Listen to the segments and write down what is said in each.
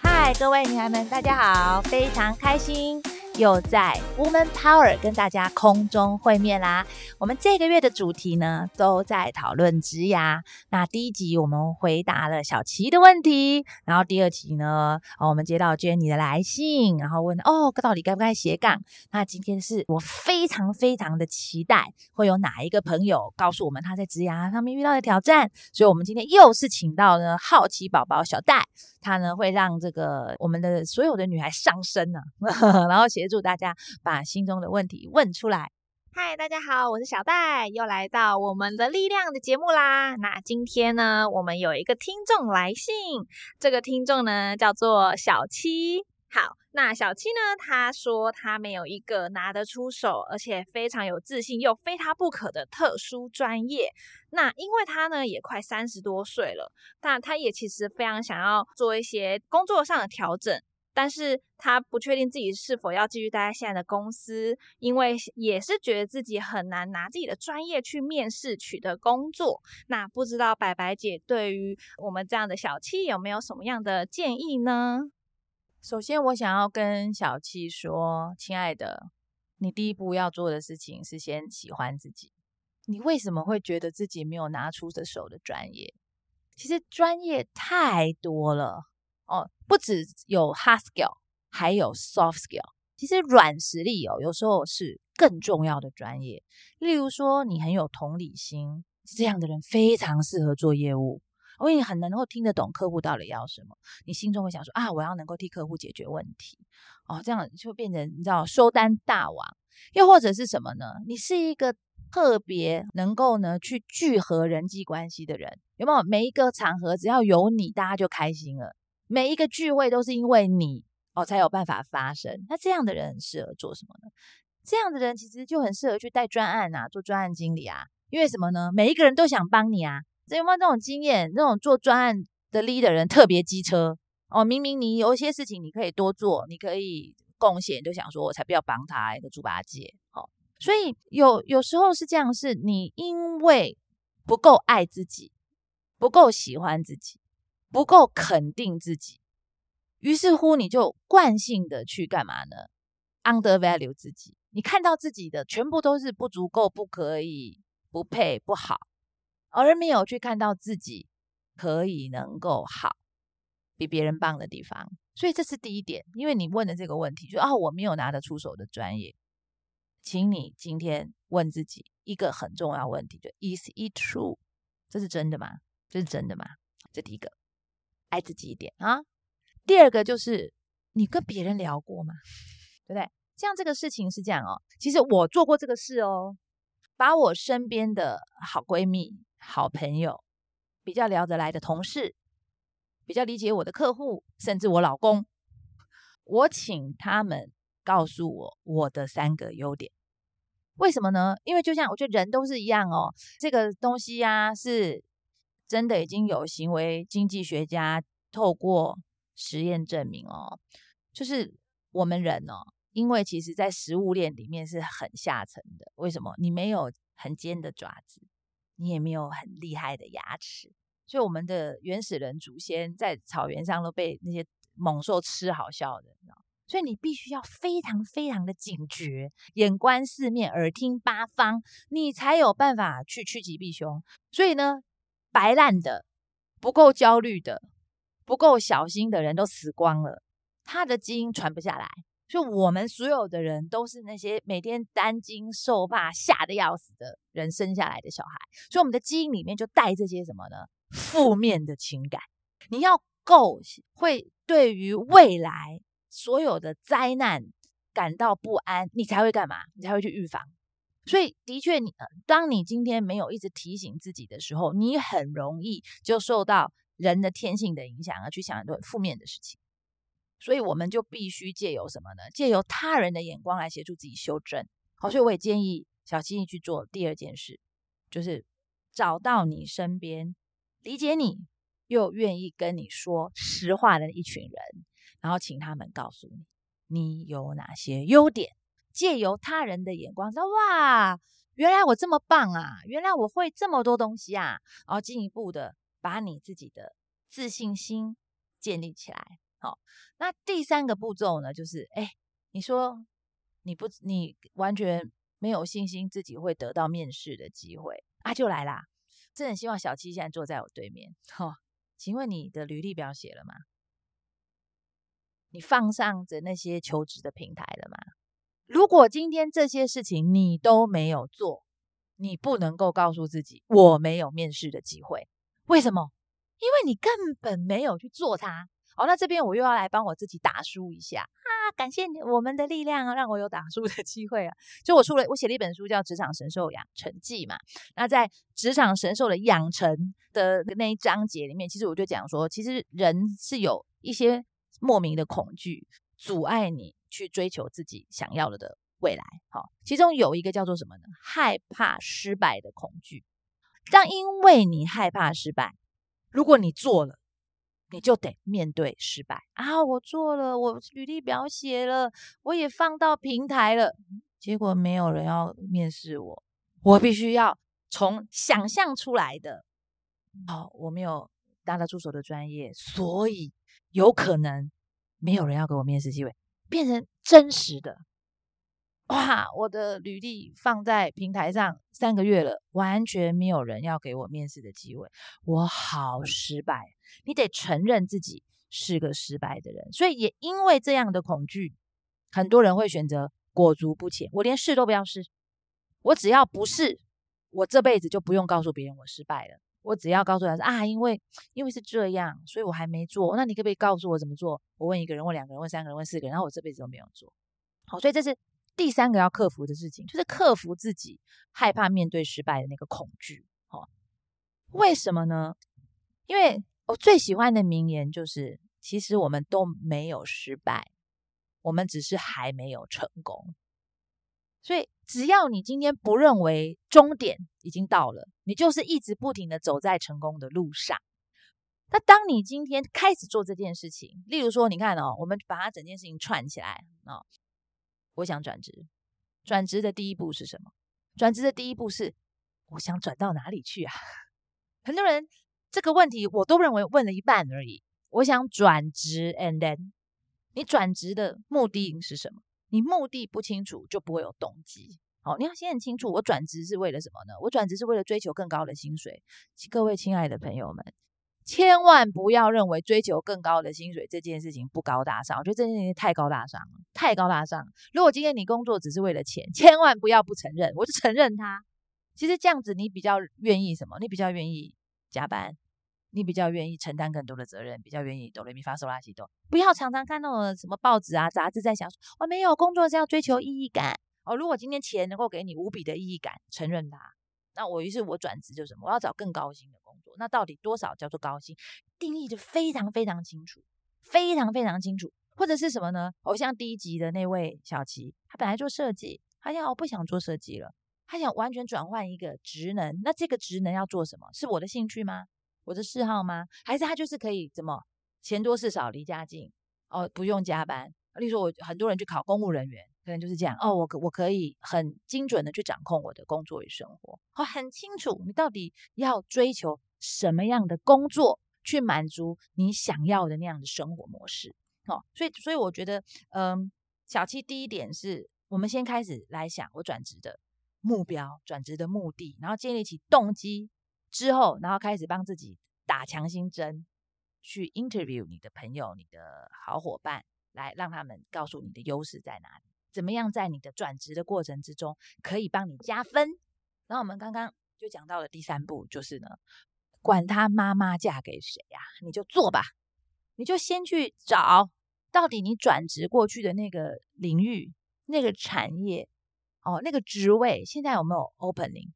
嗨，各位女孩們，大家好，非常開心。又在 Woman Power 跟大家空中會面啦。我們這個月的主題呢，都在討論職涯。那第一集我們回答了小七的問題，然後第二集呢，哦、我們接到娟妮的來信，然後問哦到底該不該斜槓。那今天是我非常非常的期待，會有哪一個朋友告訴我們他在職涯上面遇到的挑戰。所以，我們今天又是請到了好奇寶寶小戴，他呢會讓這個我們的所有的女孩上身呢、啊，然後斜。祝大家把心中的問題問出來。嗨，大家好，我是小戴，又來到我們的力量的節目啦。那今天呢，我們有一個聽眾來信，這個聽眾呢叫做小七。好，那小七呢，他說他沒有一個拿得出手，而且非常有自信又非他不可的特殊專業。那因為他呢也快三十多歲了，那他也其實非常想要做一些工作上的調整。但是他不確定自己是否要繼續待在現在的公司，因為也是覺得自己很難拿自己的專業去面試取得工作。那不知道白白姐對於我們這樣的小七有沒有什麼樣的建議呢？首先，我想要跟小七說，親愛的，你第一步要做的事情是先喜歡自己。你為什麼會覺得自己沒有拿得出手的專業？其實專業太多了。哦，不只有 hard skill，還有 soft skill。其實軟實力哦，有時候是更重要的專業。例如說，你很有同理心，這樣的人非常適合做業務，因為你很能夠聽得懂客戶到底要什麼。你心中會想說啊，我要能夠替客戶解決問題，哦，這樣就變成你知道收單大王。又或者是什麼呢？你是一個特別能夠呢去聚合人際關係的人，有沒有？每一個場合只要有你，大家就開心了。每一個聚會都是因為你哦才有辦法發生。那這樣的人適合做什麼呢？這樣的人其實就很適合去帶專案啊，做專案經理啊。因為什麼呢？每一個人都想幫你啊。這有沒有這種經驗？那種做專案的 leader 的人特別機車哦。明明你有一些事情你可以多做，你可以貢獻，你就想說我才不要幫他一個豬八戒。哦。所以有有時候是這樣，是你因為不夠愛自己，不夠喜歡自己。不夠肯定自己，於是乎你就慣性的去幹嘛呢？Undervalue 自己，你看到自己的全部都是不足夠、不可以、不配、不好，而沒有去看到自己可以能夠好，比別人棒的地方。所以這是第一點。因為你問的這個問題，就，啊，我沒有拿得出手的專業，請你今天問自己一個很重要問題，就 Is it true？這是真的嗎？這是真的嗎？這第一個。愛自己一點啊！第二個就是你跟別人聊過嗎？對不對？像這樣，這個事情是這樣哦。其實我做過這個事哦，把我身邊的好閨蜜、好朋友、比較聊得來的同事、比較理解我的客戶，甚至我老公，我請他們告訴我我的三個優點。為什麼呢？因為就像我覺得人都是一樣哦，這個東西呀、啊、是。真的已經有行為經濟學家透過實驗證明哦，就是我們人哦，因為其實在食物鏈裡面是很下層的。為什麼？你沒有很尖的爪子，你也沒有很厲害的牙齒，所以我們的原始人祖先在草原上都被那些猛獸吃，好笑的哦。所以你必須要非常非常的警覺，眼觀四面，耳聽八方，你才有辦法去趨吉避凶。所以呢，白爛的、不夠焦慮的、不夠小心的人都死光了，他的基因傳不下來。就我們所有的人，都是那些每天擔驚受怕、嚇得要死的人生下來的小孩，所以我們的基因裡面就帶這些什麼呢？負面的情感。你要夠會對於未來所有的災難感到不安，你才會幹嘛？你才會去預防。所以的確你，的確，你當你今天沒有一直提醒自己的時候，你很容易就受到人的天性的影響，而去想很多負面的事情。所以，我們就必須借由什麼呢？借由他人的眼光來協助自己修正。好，所以我也建議小七你去做第二件事，就是找到你身邊理解你又願意跟你說實話的一群人，然後請他們告訴你你有哪些優點。借由他人的眼光，說：“哇，原來我這麼棒啊！原來我會這麼多東西啊！”然後進一步的把你自己的自信心建立起來。好、哦，那第三個步驟呢，就是：哎，你說你不，你完全沒有信心自己會得到面試的機會啊？就來啦！真的很希望小七現在坐在我對面。好、哦，請問你的履歷表寫了嗎？你放上着那些求職的平台了嗎？如果今天這些事情你都沒有做，你不能夠告訴自己我沒有面試的機會。為什麼？因為你根本沒有去做它。哦，那這邊我又要來幫我自己打書一下啊！感謝我們的力量，啊，讓我有打書的機會啊！就我出了，我寫了一本書叫《職場神獸養成記》嘛。那在職場神獸的養成的那一章節裡面，其實我就講說，其實人是有一些莫名的恐懼阻礙你。去追求自己想要了的,的未來，好、哦，其中有一個叫做什麼呢？害怕失敗的恐懼。但因為你害怕失敗，如果你做了，你就得面對失敗啊！我做了，我履歷表寫了，我也放到平台了、嗯，結果沒有人要面試我，我必須要從想象出來的。好、嗯哦，我沒有拿得出手的專業，所以有可能沒有人要給我面試機會。變成真實的哇！我的履歷放在平台上三個月了，完全沒有人要給我面試的機會，我好失敗。你得承認自己是個失敗的人，所以也因為這樣的恐懼，很多人會選擇裹足不前。我連試都不要試，我只要不試，我這輩子就不用告訴別人我失敗了。我只要告訴他啊，因為因為是這樣，所以我還沒做。那你可不可以告訴我怎麼做？我問一個人，問兩個人，問三個人，問四個人，然後我這輩子都沒有做好，哦。所以這是第三個要克服的事情，就是克服自己害怕面對失敗的那個恐懼。好，哦，為什麼呢？因為我最喜歡的名言就是：其實我們都沒有失敗，我們只是還沒有成功。所以，只要你今天不認為終點已經到了，你就是一直不停的走在成功的路上。那當你今天開始做這件事情，例如說，你看哦，我們把它整件事情串起來哦，我想轉職，轉職的第一步是什麼？轉職的第一步是我想轉到哪裡去啊？很多人這個問題我都認為問了一半而已。我想轉職，and then，你轉職的目的是什麼？你目的不清楚就不會有動機。好，你要先很清楚，我轉職是為了什麼呢？我轉職是為了追求更高的薪水。請各位親愛的朋友們，千萬不要認為追求更高的薪水這件事情不高大上，我覺得這件事情太高大上，太高大上。如果今天你工作只是為了錢，千萬不要不承認，我就承認它。其實這樣子，你比較願意什麼？你比較願意加班。你比較願意承擔更多的責任，比較願意哆來咪發唆拉西哆，不要常常看到什麼報紙啊、雜誌，在想說我、哦、沒有工作是要追求意義感哦。如果今天錢能夠給你無比的意義感，承認它，那我於是我轉職就什麼，我要找更高薪的工作。那到底多少叫做高薪？定義就非常非常清楚，非常非常清楚，或者是什麼呢？好像第一集的那位小琪，他本來做設計，他我、哦、不想做設計了？他想完全轉換一個職能。那這個職能要做什麼？是我的興趣嗎？我的嗜好嗎？還是他就是可以怎麼錢多事少離家近哦，不用加班。例如說，我很多人去考公務人員，可能就是這樣哦。我我可以很精準的去掌控我的工作與生活，哦，很清楚你到底要追求什麼樣的工作，去滿足你想要的那樣的生活模式。哦，所以所以我覺得，嗯、呃，小七第一點是，我們先開始來想我轉職的目標、轉職的目的，然後建立起動機之後，然後開始幫自己。打強心針，去 interview 你的朋友、你的好夥伴，來讓他們告訴你的優勢在哪裡，怎麼樣在你的轉職的過程之中可以幫你加分。然後我們剛剛就講到了第三步，就是呢，管他媽媽嫁給誰呀，啊，你就做吧，你就先去找到底你轉職過去的那個領域、那個產業、哦，那個職位現在有沒有 opening，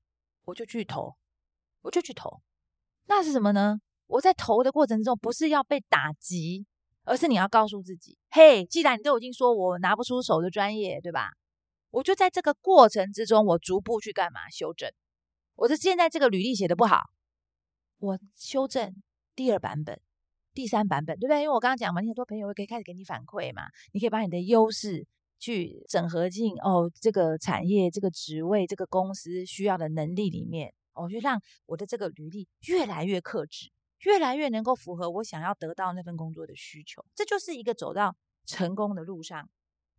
我就去投，我就去投。那是什麼呢？我在投的過程中，不是要被打擊，而是你要告訴自己，嘿，既然你都已經說我拿不出手的專業，對吧？我就在這個過程之中，我逐步去幹嘛？修正。我的現在這個履歷寫得不好，我修正第二版本、第三版本，對不對？因為我剛剛講嘛，你很多朋友會可以開始給你反饋嘛，你可以把你的優勢去整合進哦，這個產業、這個職位、這個公司需要的能力裡面。我、哦、就讓我的這個履歷越來越克制，越來越能夠符合我想要得到那份工作的需求。這就是一個走到成功的路上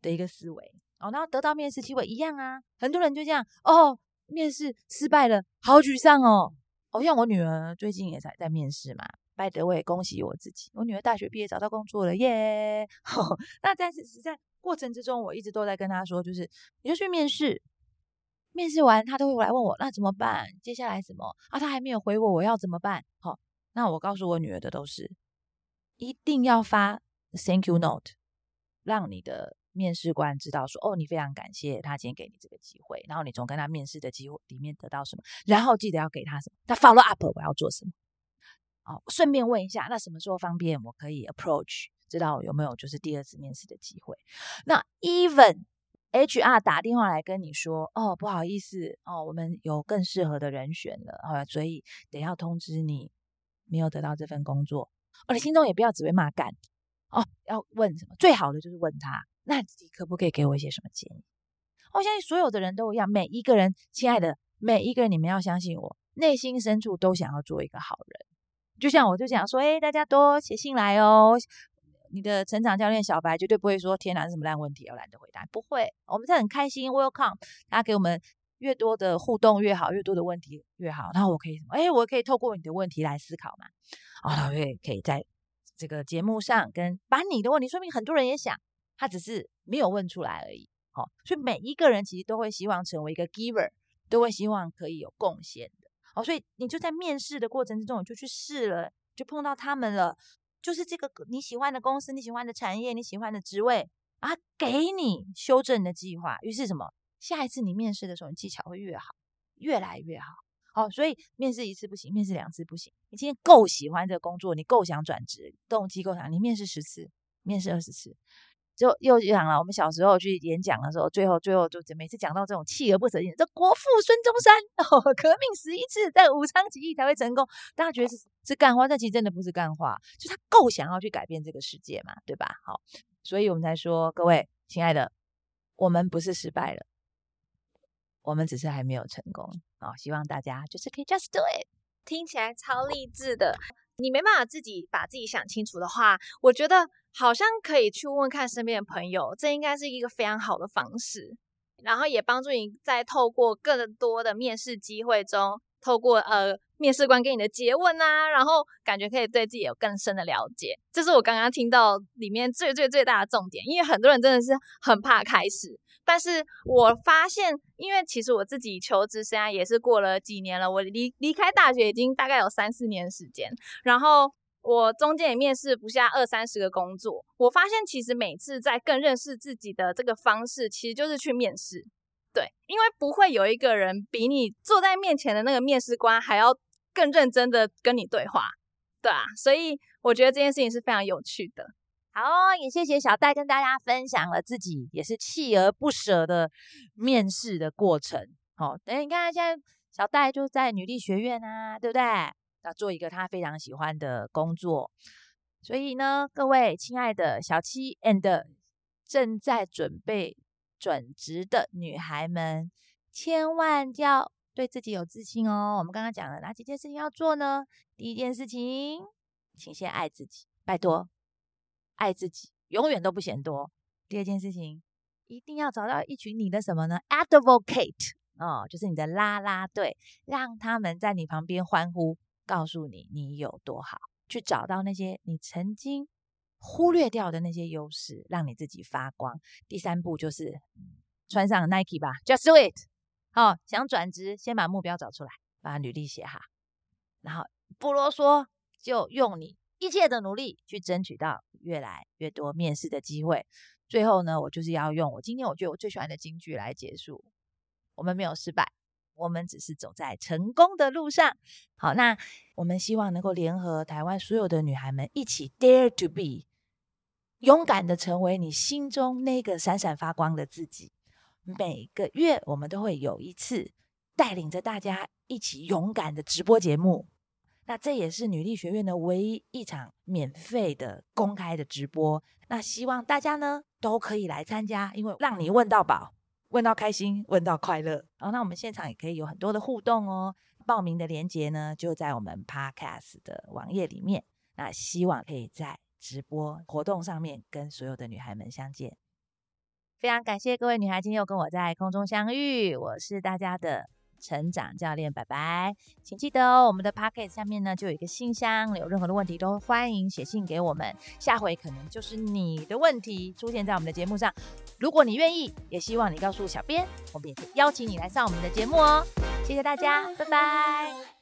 的一個思維哦。然後得到面試機會一樣啊，很多人就這樣哦，面試失敗了，好沮喪哦。好、哦、像我女兒最近也在在面試嘛，拜得我也恭喜我自己，我女兒大學畢業找到工作了耶、yeah! 哦。那在在過程之中，我一直都在跟她說，就是你就去面試。面試完，他都會來問我那怎麼辦？接下來什麼啊？他還沒有回我，我要怎麼辦？好、哦，那我告訴我女兒的都是，一定要發 thank you note，讓你的面試官知道說哦，你非常感謝他今天給你這個機會，然後你從跟他面試的機會裡面得到什麼，然後記得要給他什麼，他 follow up 我要做什麼？哦，順便問一下，那什麼時候方便我可以 approach，知道有沒有就是第二次面試的機會？那 even。HR 打電話來跟你說，哦，不好意思，哦，我們有更適合的人選了，好吧，所以得要通知你沒有得到這份工作，我、哦、且心中也不要只被罵幹，哦，要問什麼？最好的就是問他，那你可不可以給我一些什麼建議？哦、我相信所有的人都一樣，每一個人，親愛的，每一個人，你們要相信我，內心深處都想要做一個好人，就像我就想說，欸、大家多寫信來哦。你的成長教練小白，絕對不會說“天哪，是什麼爛問題”，我懶得回答。不會，我們是很開心，Welcome，大家給我們越多的互動越好，越多的問題越好。那我可以，哎，我可以透過你的問題來思考嘛？哦，然後我也可以在這個節目上跟把你的問題說明，很多人也想，他只是沒有問出來而已，哦。所以每一個人其實都會希望成為一個 Giver，都會希望可以有貢獻的。哦，所以你就在面試的過程之中，你就去試了，就碰到他們了。就是這個你喜歡的公司，你喜歡的產業，你喜歡的職位啊，給你修正的計劃。於是什麼？下一次你面試的時候，你技巧會越好，越來越好。哦，所以面試一次不行，面試兩次不行。你今天夠喜歡這工作，你夠想轉職，動機夠強，你面試十次，面試二十次。就又講了，我們小時候去演講的時候，最後最後就每次講到這種鍥而不捨精神，這國父孫中山，哦，革命十一次，在武昌起義才會成功，大家覺得是是幹話，但其實真的不是幹話，就他夠想要去改變這個世界嘛，對吧？好，所以我們才說，各位親愛的，我們不是失敗了，我們只是還沒有成功。哦，希望大家就是可以 just do it，聽起來超勵志的。你沒辦法自己把自己想清楚的話，我覺得。好像可以去問看身邊的朋友，這應該是一個非常好的方式，然後也幫助你在透過更多的面試機會中，透過呃面試官給你的詰問啊，然後感覺可以對自己有更深的了解。這是我剛剛聽到裡面最最最大的重點，因為很多人真的是很怕開始，但是我發現，因為其實我自己求職生涯也是過了幾年了，我離離開大學已經大概有三四年的時間，然後。我中間也面試不下二三十個工作，我發現其實每次在更認識自己的這個方式，其實就是去面試，對，因為不會有一個人比你坐在面前的那個面試官還要更認真的跟你對話，對啊，所以我覺得這件事情是非常有趣的。好、哦，也謝謝小戴跟大家分享了自己也是鍥而不捨的面試的過程哦。等你看現在小戴就在女力學院啊，對不對？要做一個他非常喜歡的工作，所以呢，各位親愛的小七 and 正在準備轉職的女孩們，千萬要對自己有自信哦。我們剛剛講了哪幾件事情要做呢？第一件事情，請先愛自己，拜託，愛自己永遠都不嫌多。第二件事情，一定要找到一群你的什麼呢？Advocate 哦，就是你的啦啦隊，讓他們在你旁邊歡呼。告訴你你有多好，去找到那些你曾經忽略掉的那些優勢，讓你自己發光。第三步就是，嗯，穿上 Nike 吧，Just do it！好，想轉職，先把目標找出來，把履歷寫好，然後不囉嗦，就用你一切的努力去爭取到越來越多面試的機會。最後呢，我就是要用我今天我覺得我最喜歡的金句來結束。我們沒有失敗。我們只是走在成功的路上。好，那我們希望能夠聯合台灣所有的女孩們一起 dare to be，勇敢的成為你心中那個閃閃發光的自己。每個月我們都會有一次帶領着大家一起勇敢的直播節目。那這也是女力學院的唯一一場免費的公開的直播。那希望大家呢都可以來參加，因為讓你問到飽，問到開心，問到快樂，哦、oh，那我們現場也可以有很多的互動哦。報名的鏈接呢，就在我們 Podcast 的網頁裡面。那希望可以在直播活動上面跟所有的女孩們相見。非常感謝各位女孩今天又跟我在空中相遇，我是大家的。成長教練，白白，請記得哦，我們的 Podcast 下面呢就有一個信箱，有任何的問題都歡迎寫信給我們，下回可能就是你的問題出現在我們的節目上。如果你願意，也希望你告訴小編，我們也可以邀請你來上我們的節目哦。謝謝大家，拜拜。